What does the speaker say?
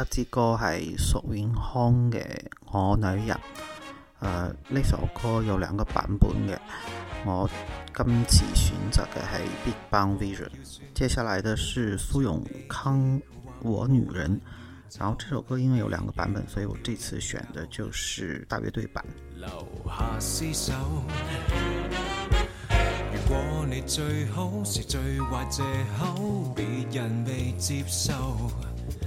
一支歌係蘇永康嘅《我女人》，呢、呃、首歌有兩個版本嘅，我今次選擇嘅係 Big Band Version。接下來嘅是蘇永康《我女人》，然後這首歌因為有兩個版本，所以我這次選的就是大樂隊版。留下